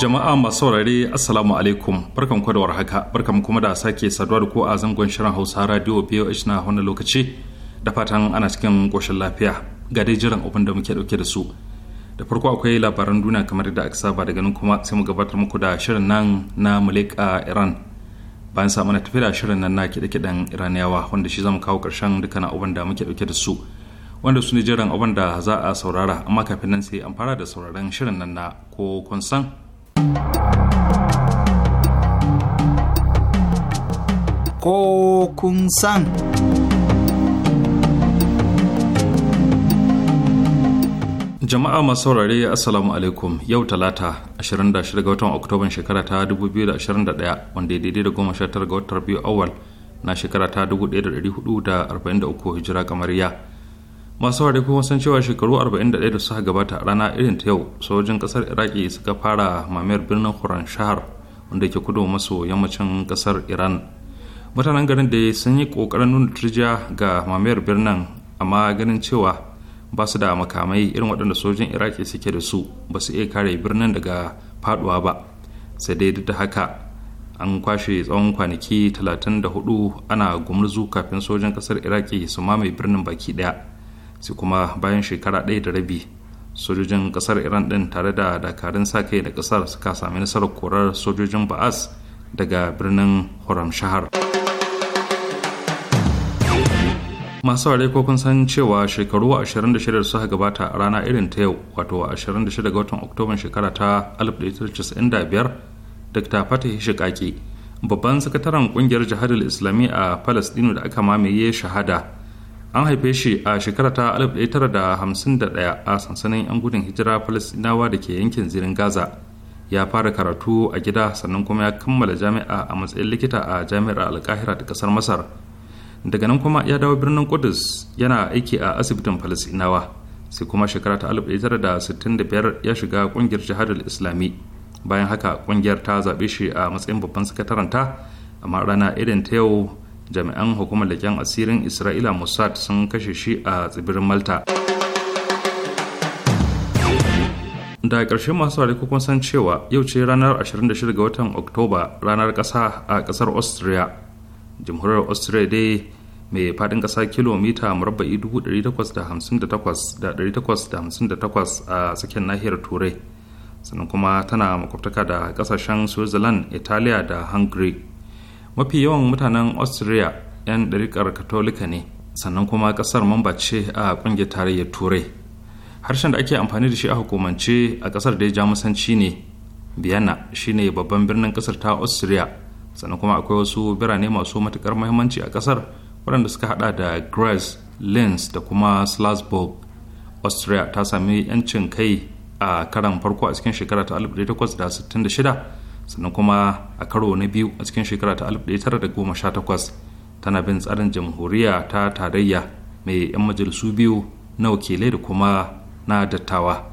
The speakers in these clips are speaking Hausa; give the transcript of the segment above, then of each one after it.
jama'a masu saurare assalamu alaikum barkan ku haka warhaka barkan kuma da sake saduwa da ku a zangon shirin hausa radio voh na wannan lokaci da fatan ana cikin koshin lafiya ga dai jiran abin da muke dauke da su da farko akwai labaran duniya kamar da aka saba daga nan kuma sai mu gabatar muku da shirin nan na mulika iran bayan sa mana tafi da shirin nan na kiɗe-kiɗen iraniyawa wanda shi zamu kawo karshen dukkan abin da muke dauke da su wanda su ne jiran abin da za a saurara amma kafin nan sai an fara da sauraron shirin nan na ko kun san Ko kun san. Jama'a masu saurare Assalamu alaikum yau talata 26 ga watan Oktoban shekara ta 2021 wanda ya daidai da tara ga watan biyu awal na shekara ta 1443 hijira kamariya. masu ware kuma san cewa shekaru 41 da suka gabata a rana irin ta yau sojin kasar iraki suka fara mamayar birnin huran shahar wanda ke kudu maso yammacin kasar iran mutanen garin da sun yi kokarin nuna turjiya ga mamayar birnin amma ganin cewa ba su da makamai irin waɗanda sojin iraki suke da su ba su iya kare birnin daga faduwa ba sai dai duk da haka an kwashe tsawon kwanaki 34 ana gumurzu kafin sojin kasar iraki su mamaye birnin baki daya sai kuma bayan shekara ɗaya da rabi sojojin ƙasar iran ɗin tare da dakarun sa kai da ƙasar suka sami nasarar korar sojojin ba'as daga birnin horam shahar masu ware ko kun san cewa shekaru 26 suka gabata a rana irin ta yau wato 26 ga watan oktoban shekara ta 1995 dr fatih babban sakataren kungiyar jihadar islami a palestino da aka mamaye shahada an haife shi a shekara ta 1951 a sansanin 'yan gudun hijira falasinawa da ke yankin zirin gaza ya fara karatu a gida sannan kuma ya kammala jami'a a matsayin likita a jami'ar alkahira da kasar masar daga nan kuma ya dawo birnin kudus yana aiki a asibitin falasinawa sai kuma shekara ta 1965 ya shiga kungiyar jihadul islami bayan haka kungiyar ta zaɓe shi a matsayin babban sakataranta amma rana irin ta yau jami'an hukumar leƙen asirin isra'ila mossad sun kashe shi a tsibirin malta da ƙarshe masu saurari kuma san cewa yau ce ranar 26 ga watan oktoba ranar ƙasa a ƙasar austria jamhuriyar austria dai mai faɗin ƙasa kilomita murabba'i 858,858 a tsakiyar nahiyar turai sannan kuma tana makwabtaka da ƙasashen switzerland italiya da hungary mafi yawan mutanen austria 'yan ɗarikar katolika ne sannan kuma ƙasar mamba ce a ƙungiyar tarayyar turai harshen da ake amfani da shi a hukumance a ƙasar da ya jamusanci ne vienna shine babban birnin ƙasar ta austria sannan kuma akwai wasu birane masu matuƙar muhimmanci a ƙasar waɗanda suka haɗa da graz linz da kuma salzburg austria ta sami 'yancin kai a karan farko a cikin shekara ta 1866 sannan kuma a karo na biyu a cikin shekara ta 1918 tana bin tsarin jamhuriya ta tarayya mai 'yan majalisu biyu na wakilai da kuma na dattawa.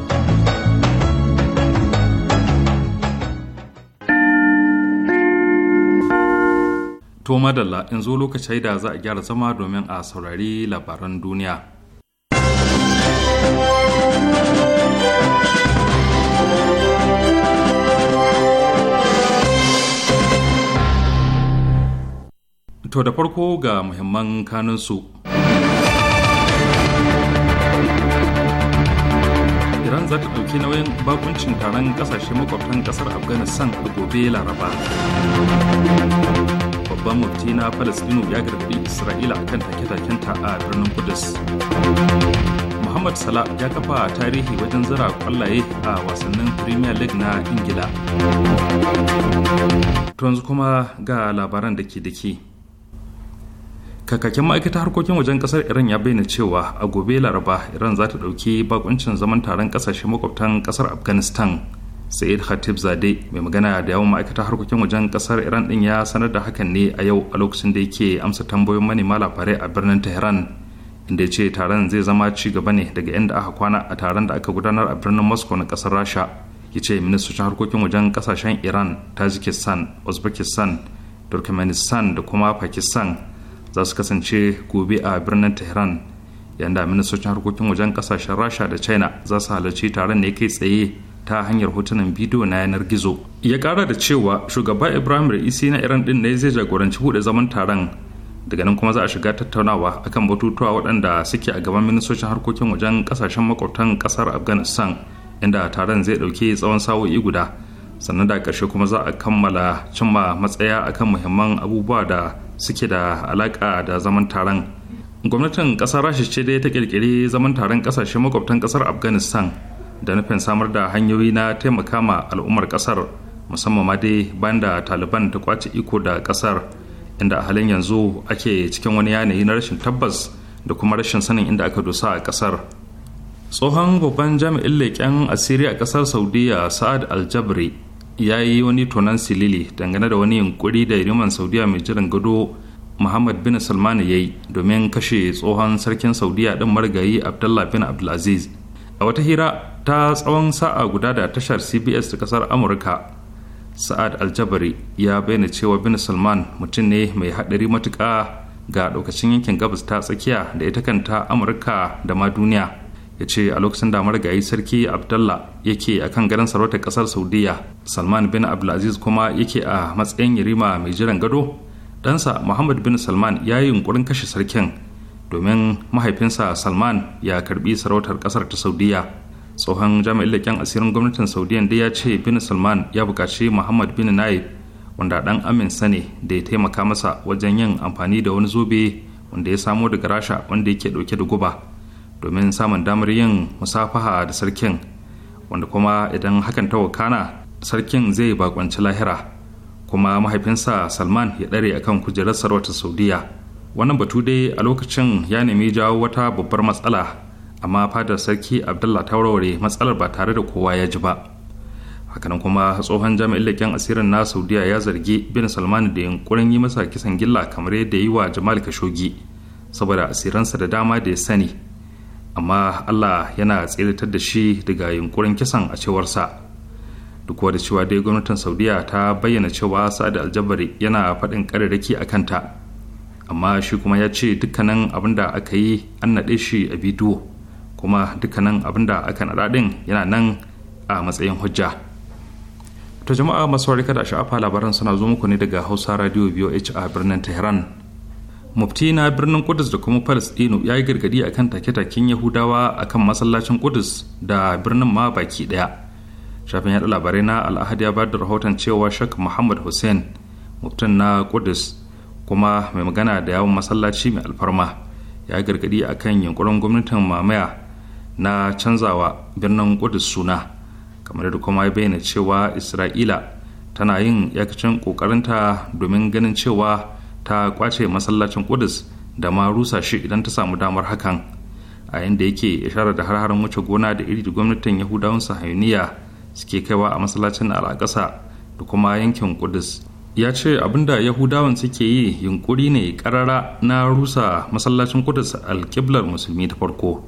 To madalla in zo lokacin da za a gyara zama domin a saurari labaran duniya. To da farko ga muhimman kanunsu. Iran za ta ɗauki nauyin bakuncin taron ƙasashe makwabtan ƙasar Afghanistan gobe Laraba. babban mufti na falastinu ya garbi isra'ila kan take-takenta a birnin kudus muhammad salah ya kafa tarihi wajen zira kwallaye a wasannin premier league na ingila yanzu kuma ga labaran da ke da ke kakakin ma'aikatar harkokin wajen kasar iran ya bayyana cewa a gobe laraba iran za ta ɗauki bakuncin zaman taron ƙasashe makwabtan ƙasar afghanistan sa'id khatib zade mai magana da yawan ma'aikatar harkokin wajen kasar iran din ya sanar da hakan ne a yau a lokacin da yake amsa tambayoyin manema labarai a birnin tehran inda ce taron zai zama ci gaba ne daga inda aka kwana a taron da aka gudanar a birnin moscow na kasar rasha ya ce ministocin harkokin wajen kasashen iran tajikistan uzbekistan turkmenistan da kuma pakistan za su kasance gobe a birnin tehran yanda ministocin harkokin wajen kasashen rasha da china za su halarci taron ne kai tsaye ta hanyar hotunan bidiyo na yanar gizo ya kara da cewa shugaba ibrahim raisi na iran din ne zai jagoranci buɗe zaman taron daga nan kuma za a shiga tattaunawa akan batutuwa waɗanda suke a gaban ministocin harkokin wajen ƙasashen makwabtan ƙasar afghanistan inda taron zai ɗauke tsawon sa'o'i guda sannan da ƙarshe kuma za a kammala cimma matsaya akan muhimman abubuwa da suke da alaƙa da zaman taron gwamnatin ƙasar rasha ce ya ta ƙirƙiri zaman taron ƙasashen makwabtan ƙasar afghanistan da nufin samar da hanyoyi na taimaka ma al'ummar kasar musamman ma dai da taliban ta kwace iko da kasar inda a halin yanzu ake cikin wani yanayi na rashin tabbas da kuma rashin sanin inda aka dosa a kasar tsohon babban jami'in leƙen asiri a kasar saudiya sa'ad aljabri ya yi wani tonan silili dangane da wani yunkuri da riman saudiya mai jiran gado muhammad bin salman ya yi domin kashe tsohon sarkin saudiya din marigayi abdullah bin abdulaziz a wata hira ta tsawon sa'a guda da tashar cbs ta kasar amurka sa'ad aljabari ya bayyana cewa bin salman mutum ne mai haɗari matuka ga ɗaukacin yankin gabas ta tsakiya da ita kanta amurka da ma duniya ya ce a lokacin da marigayi sarki abdallah yake a kan garin sarautar ƙasar saudiya salman bin abdulaziz kuma yake a matsayin yarima mai jiran gado ɗansa muhammad bin salman ya yi yunkurin kashe sarkin domin mahaifinsa salman ya karbi sarautar kasar ta saudiya tsohon jami'in leƙen asirin gwamnatin saudiyan da ya ce bin salman ya buƙaci muhammad bin naib wanda ɗan aminsa ne da ya taimaka masa wajen yin amfani da wani zobe wanda ya samo daga rasha wanda yake ɗauke da guba domin samun damar yin musafaha da sarkin wanda kuma idan hakan ta wakana sarkin zai bakwanci lahira kuma mahaifinsa salman ya ɗare akan kujerar sarautar saudiya wannan batu dai a lokacin ya nemi jawo wata babbar matsala amma fadar sarki abdullah ta warware matsalar ba tare da kowa ya ji ba hakanan kuma tsohon jami'in leƙen asirin na saudiya ya zargi bin salman da yunkurin yi masa kisan gilla kamar yadda yi wa jamal kashogi saboda asiransa da dama da ya sani amma allah yana tsiritar da shi daga yunkurin kisan a cewarsa duk da cewa dai gwamnatin saudiya ta bayyana cewa sa'ad aljabari yana faɗin ƙararraki a kanta amma shi kuma ya ce dukkanin abin da aka yi an naɗe shi a bidiyo kuma dukkanin abin da aka naɗa ɗin yana nan a matsayin hujja to jama'a masu warika da sha'afa labaran suna zo muku ne daga hausa radio voh a birnin tehran mufti na birnin kudus da kuma palestino ya yi gargadi akan take-taken yahudawa akan masallacin kudus da birnin ma baki daya shafin yaɗa labarai na al'ahad ya bada da rahoton cewa shak muhammad hussein muftin na kudus kuma mai magana da yawon masallaci mai alfarma ya gargadi a kan yunkurin gwamnatin mamaya na canzawa birnin kudus suna kamar da kuma ya bayyana cewa isra'ila tana yin yakacin kokarinta domin ganin cewa ta kwace masallacin kudus da ma rusa shi idan ta samu damar hakan a yadda yake ishara da har wuce gona da iri da gwamnatin yahudawan sahayuniya suke kaiwa a masallacin al'akasa da kuma yankin kudus ya ce abinda yahudawan suke yi yunkuri ne karara na rusa masallacin kudus alkiblar musulmi ta farko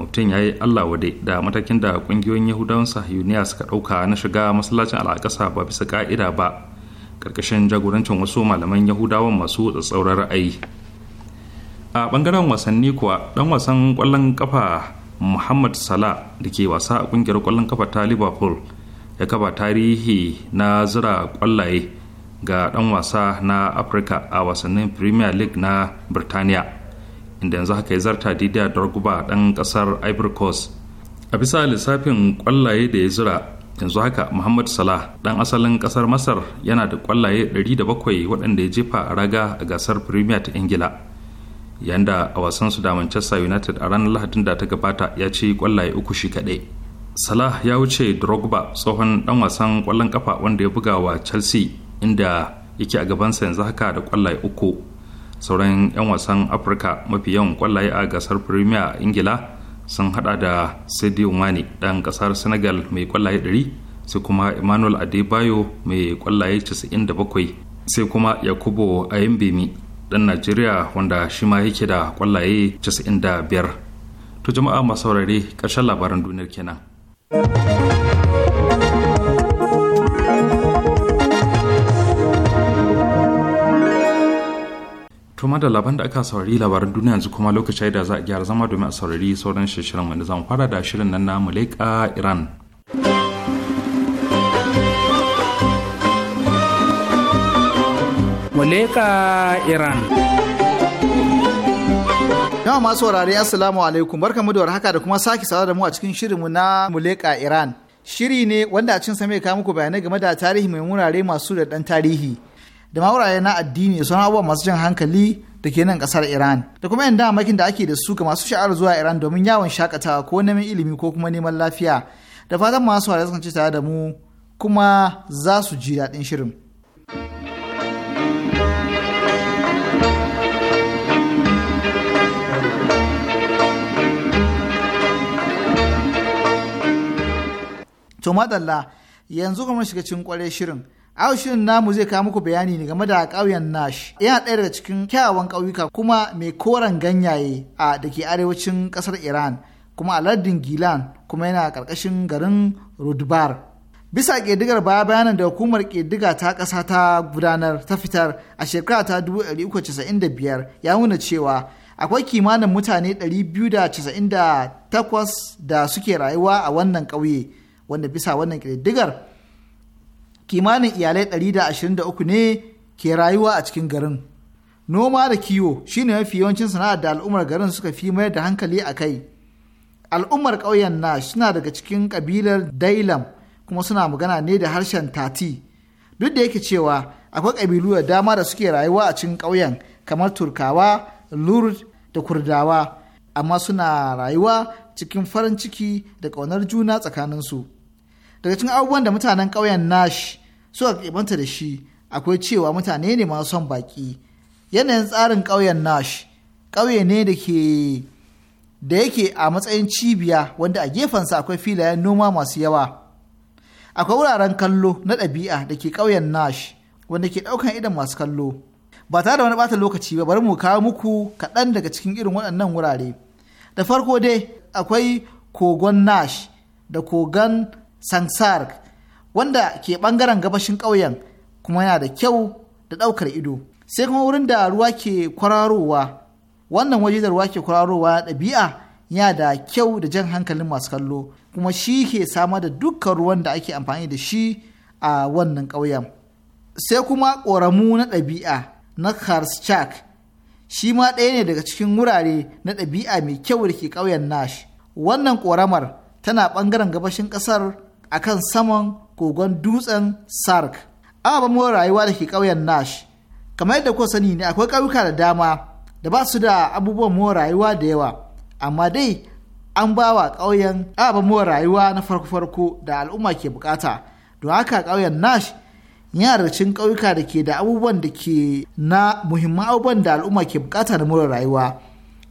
mutum ya yi allah wade da matakin da kungiyoyin yahudawan sahiyuniya suka ɗauka na shiga masallacin al'akasa ba bisa ka'ida ba ƙarƙashin jagorancin wasu malaman yahudawan masu tsatsauran ra'ayi a bangaren wasanni kuwa dan wasan kwallon kafa muhammad salah da ke wasa a kungiyar kwallon kafa ta liverpool ya kafa tarihi na zira kwallaye. ga ɗan wasa na afirka a wasannin premier league na birtaniya inda yanzu haka ya zarta didiya drogba dan ƙasar ivory coast a bisa lissafin ƙwallaye da ya zira yanzu haka muhammad salah dan asalin kasar masar yana da kwallaye 107 waɗanda ya jefa a raga a gasar premier ta ingila yanda a wasan su da manchester united a ranar lahadin da ta gabata ya ci kwallaye uku shi kaɗai salah ya wuce drogba tsohon dan wasan kwallon kafa wanda ya buga wa chelsea inda yake a gaban sa yanzu haka da kwallaye uku sauran 'yan wasan afirka mafi yawan kwallaye a gasar premier ingila sun hada da sadio mane dan kasar senegal mai kwallaye 100 sai kuma emmanuel adebayo mai kwallaye 97 sai kuma yakubo ayimbemi dan najeriya wanda shi ma yake da kwallaye 95 to jama'a masu saurare ƙarshen labaran duniyar kenan. ma da laban da aka saurari labaran duniya yanzu kuma lokaci da za a gyara zama domin a saurari sauran shirin wanda zan fara da shirin nan na Muleka Iran. Muleka Iran. Yawa masu wurare Assalamu alaikum barkamu da warhaka da kuma sake sawa da mu a cikin shirinmu na Muleka Iran. Shiri ne wanda a cin sa mai kawo muku bayanai game da tarihi mai wurare masu da ɗan tarihi. da mauraye na addini da sauran abubuwa masu jan hankali da ke nan kasar Iran da kuma yan damakin da ake da su ga masu sha'ar zuwa Iran domin yawon shakatawa ko neman ilimi ko kuma neman lafiya da fatan masu wa sun ci tare da mu kuma za su ji daɗin shirin. To yanzu kuma shiga cikin kwarai shirin. aushin namu zai kawo muku bayani ne game da ƙauyen Nash. Yana ɗaya daga cikin kyawawan ƙauyuka kuma mai koren ganyaye a da ke arewacin ƙasar Iran kuma a lardin Gilan kuma yana ƙarƙashin garin Rudbar. Bisa ƙididdigar baya bayanan da hukumar ƙididdiga ta ƙasa ta gudanar ta fitar a shekara ta ya nuna cewa akwai kimanin mutane 298 da suke rayuwa a wannan ƙauye wanda bisa wannan ƙididdigar kimanin iyalai da da ashirin uku ne ke rayuwa a cikin garin. Noma da kiwo shine mafi yawancin sana'ar da al'ummar garin suka fi mayar da hankali a kai. Al'ummar ƙauyen na suna daga cikin ƙabilar Dailam kuma suna magana ne da harshen Tati. Duk da yake cewa akwai ƙabilu da dama da suke rayuwa a cikin ƙauyen kamar Turkawa, Lurd da Kurdawa, amma suna rayuwa cikin farin ciki da ƙaunar juna tsakaninsu. daga cikin abubuwan da mutanen ƙauyen nash suka kibanta da shi akwai cewa mutane ne masu son baƙi yanayin tsarin ƙauyen nash ƙauye ne da ke da yake a matsayin cibiya wanda a gefensa akwai filayen noma masu yawa akwai wuraren kallo na ɗabi'a da ke ƙauyen nash wanda ke ɗaukan idan masu kallo ba tare da wani bata lokaci ba bari mu kawo muku kaɗan daga cikin irin waɗannan wurare da farko dai akwai kogon nash da kogon sansar wanda ke bangaren gabashin ƙauyen kuma yana da kyau da ɗaukar ido sai kuma wurin da ruwa ke kwararowa wannan waje da ruwa ke kwararowa ɗabi'a yana da kyau da jan hankalin masu kallo kuma shi ke samar da dukkan ruwan da ake amfani da shi a wannan ƙauyen sai kuma ƙoramu na ɗabi'a na karschak shi ma ɗaya ne daga cikin wurare na ɗabi'a mai kyau da ke ƙauyen nash wannan ƙoramar tana ɓangaren gabashin ƙasar akan saman kogon dutsen sark ababen rayuwa da ke ƙauyen nash kamar yadda ko sani ne akwai ƙauyuka da dama da ba su da abubuwan mu rayuwa da yawa amma dai an ba wa ƙauyen ababen rayuwa na farko-farko da al'umma ke bukata don haka ƙauyen nash yana da cikin ƙauyuka da ke da abubuwan da ke na muhimman abubuwan da al'umma ke bukata na mu rayuwa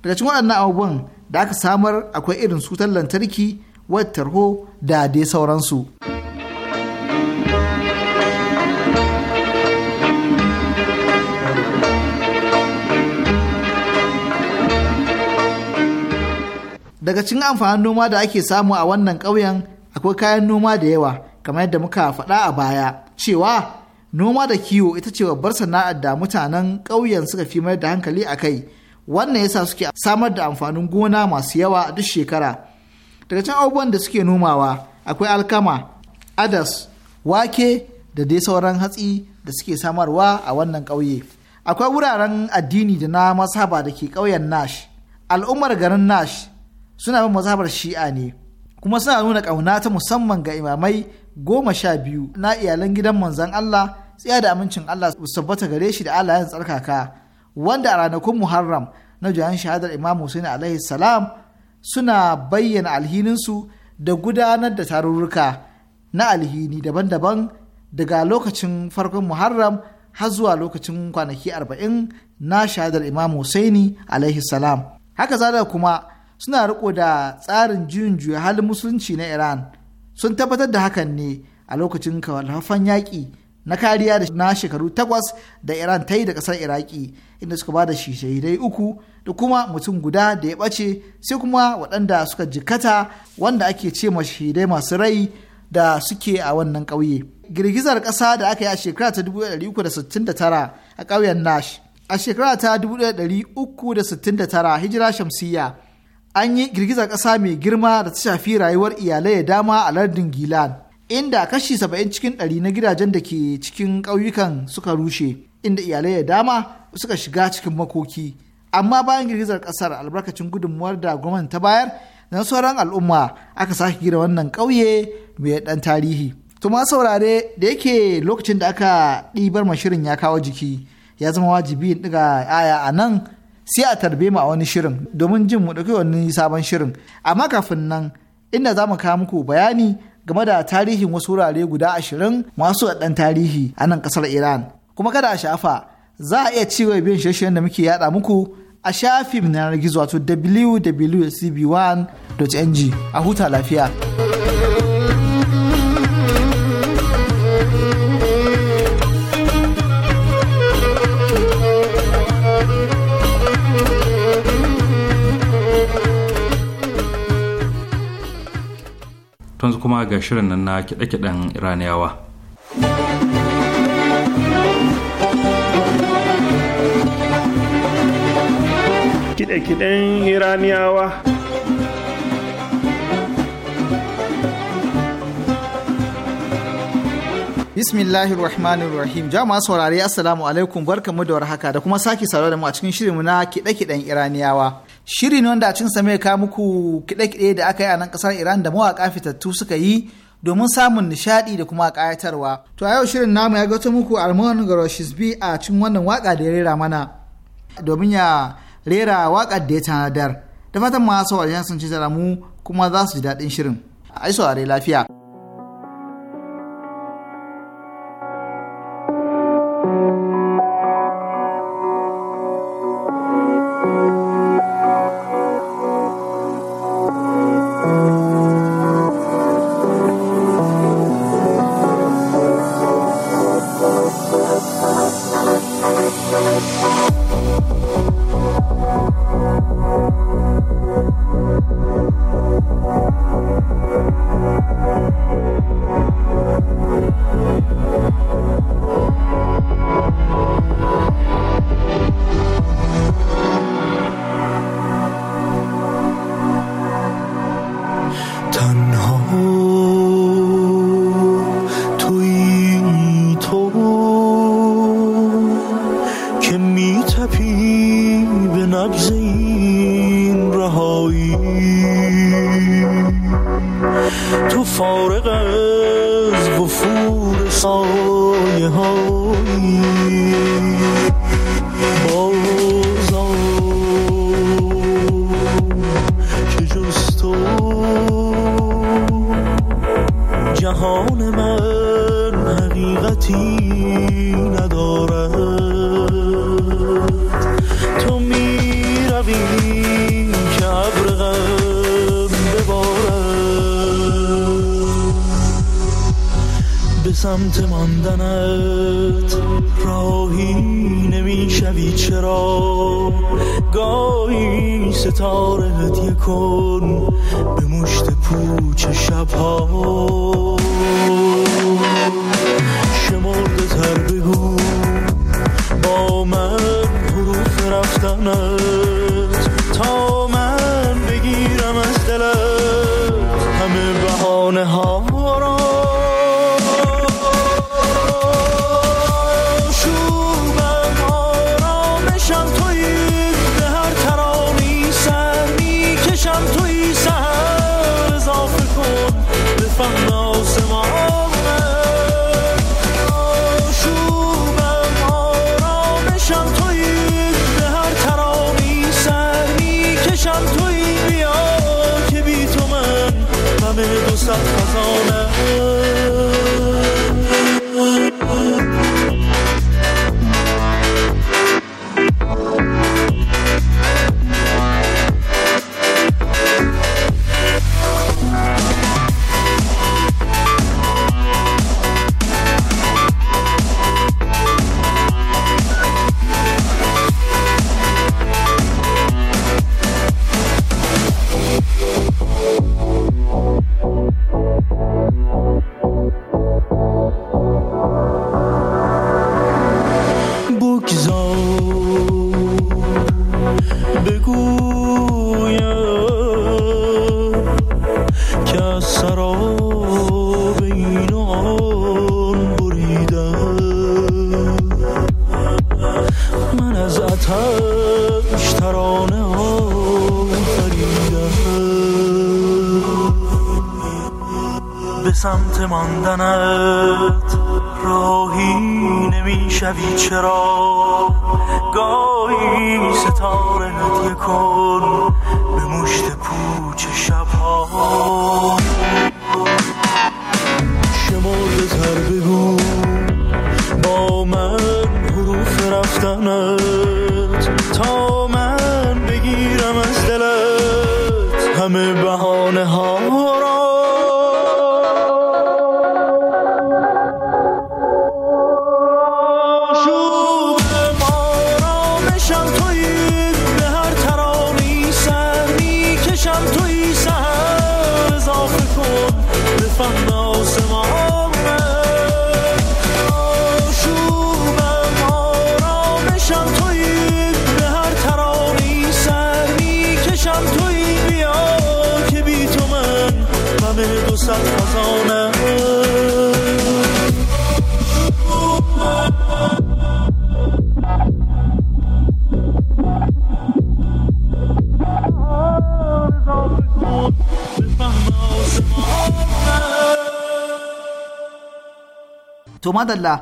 daga cikin waɗannan abubuwan da aka samar akwai irin su lantarki wata tarho da dai sauransu. daga cikin amfanin noma da ake samu a wannan ƙauyen akwai kayan noma da yawa kamar yadda muka faɗa a baya cewa noma da kiwo ita ce babbar sana'ar da mutanen ƙauyen suka fi mayar da hankali a kai wannan yasa suke samar da amfanin gona masu yawa duk shekara daga can abubuwan da suke nomawa akwai alkama adas wake da dai sauran hatsi da suke samarwa a wannan ƙauye akwai wuraren addini da na masaba da ke ƙauyen nash al'ummar garin nash suna bin masabar shi'a ne kuma suna nuna ƙauna ta musamman ga imamai goma sha biyu na iyalan gidan manzon Allah tsaya da amincin Allah su tabbata gare shi da Allah ya tsarkaka wanda a ranakun Muharram na juyan shahadar Imam Hussein alaihi salam suna bayyana alhininsu da gudanar da tarurruka na alhini daban-daban daga lokacin farkon muharram har zuwa lokacin kwanaki arba'in na shahadar imam Hussaini alaihi salam haka zada kuma suna riko da tsarin juyin juya halin musulunci na iran sun tabbatar da hakan ne a lokacin kawalhafan yaƙi na kariya da na shekaru takwas da iran ta yi da kasar iraki inda suka ba da shahidai uku da kuma mutum guda da ya ɓace sai kuma waɗanda suka jikata wanda ake ce ma shahidai masu rai da suke a wannan ƙauye girgizar ƙasa da aka yi a shekara ta 1369 a ƙauyen nash a shekara ta 1369 hijira shamsiyya an yi girgizar ƙasa mai girma da ta shafi rayuwar iyalai da dama a lardin gilan inda kashi saba'in cikin ɗari na gidajen da ke cikin ƙauyukan suka rushe inda iyalai da dama suka shiga cikin makoki amma bayan girgizar ƙasar albarkacin gudunmuwar da gwamnati ta bayar na sauran al'umma aka sake gira wannan ƙauye mai ɗan tarihi tuma saurare da yake lokacin da aka ɗibar mashirin ya kawo jiki ya zama wajibi in ɗiga aya a nan sai a tarbe mu a wani shirin domin jin mu ɗauki wani sabon shirin amma kafin nan inda za mu kawo muku bayani game da tarihin wasu wurare guda ashirin masu ɗan tarihi a nan ƙasar Iran. Kuma kada a shafa za a iya cewa biyan shirye-shiryen da muke yada muku a shafin na gizo wato www.cb1.ng a huta lafiya. yanzu kuma ga shirin nan na kiɗe-kiɗen iraniyawa kiɗe-kiɗen iraniyawa Bismillahir Rahmanir Rahim. Jama'a saurare Assalamu alaikum barkamu da warhaka da kuma sake saurare mu a cikin shirinmu na kiɗe-kiɗen Iraniyawa. Shirin wanda a cin mai ka muku kiɗe-kiɗe da aka yi a nan kasar Iran da mawaƙa fitattu suka yi domin samun nishaɗi da kuma ƙayatarwa. To a yau shirin namu ya gato muku Armon bi a cikin wannan waka da ya rera mana domin ya rera waƙar da ya tanadar. Da fatan masu wajen sun ci mu kuma za su ji daɗin shirin. A yi lafiya. جهان من حقیقتی ندارد تو می روی که عبر غم ببارد به سمت ماندنت راهی نمی چرا گاهی ستاره هدیه کن به مشت پوچ شبها شمرده تر بگو با من حروف رفتنم گویم که از سراب این آن من از اتش ترانه آفریدم به سمت ماندنت راهی نمیشوی چرا گاهی ستان thôi khôn to madalla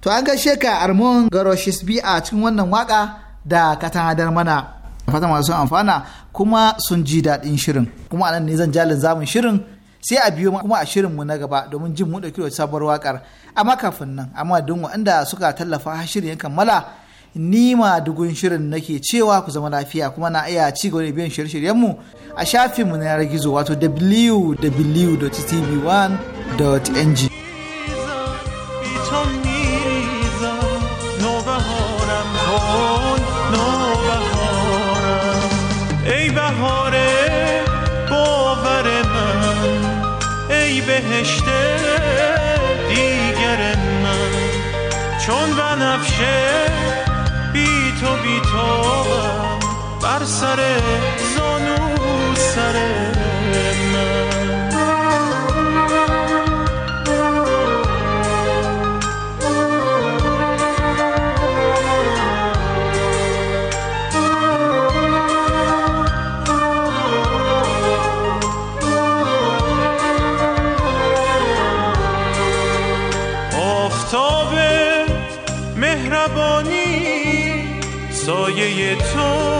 to an gaishe ka armon garoshis a cikin wannan waka da katan hadar mana fata masu amfana kuma sun ji daɗin shirin kuma anan ne zan jalin zamun shirin sai a biyo kuma a mu na gaba domin jin mu ɗauki da sabuwar wakar amma kafin nan amma don waɗanda suka tallafa shirin ya kammala ni ma dugun shirin nake cewa ku zama lafiya kuma na iya ci gaba da biyan shirye mu a shafin mu na yanar gizo wato www.tv1.ng شته دیگر من چون نفشه بی تو بی تو بر سر زانو سر سایه تو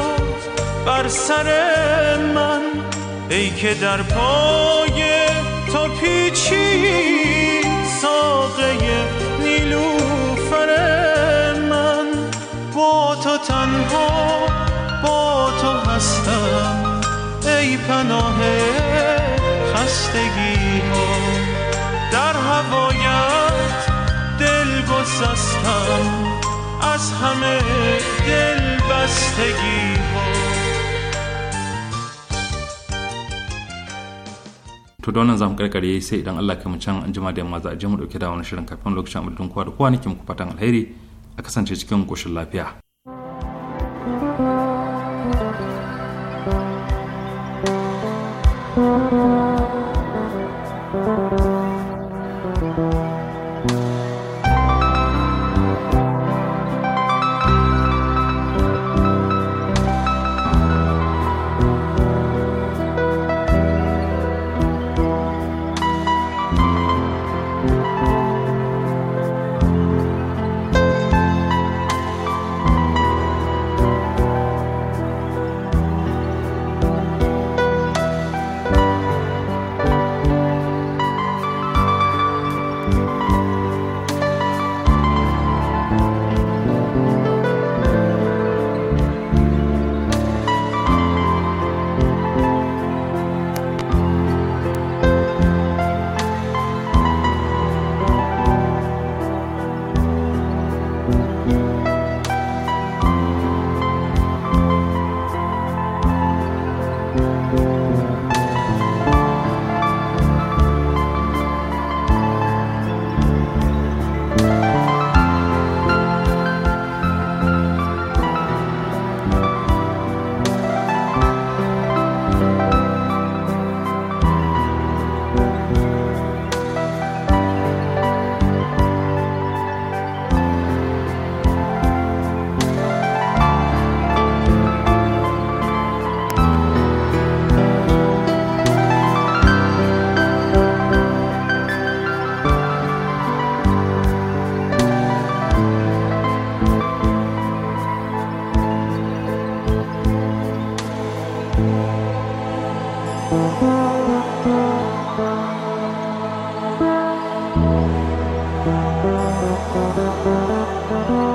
بر سر من ای که در پای تو پیچی ساقه نیلوفر من با تو تنها با تو هستم ای پناه خستگی ها در هوایت دل گسستم از همه دل بستگی to da wannan zamu karkare sai idan Allah kai mu can an jima da yamma za a je mu dauke da wani shirin kafin lokacin abudun kowa da kowa nake muku fatan alheri a kasance cikin koshin lafiya Thank you.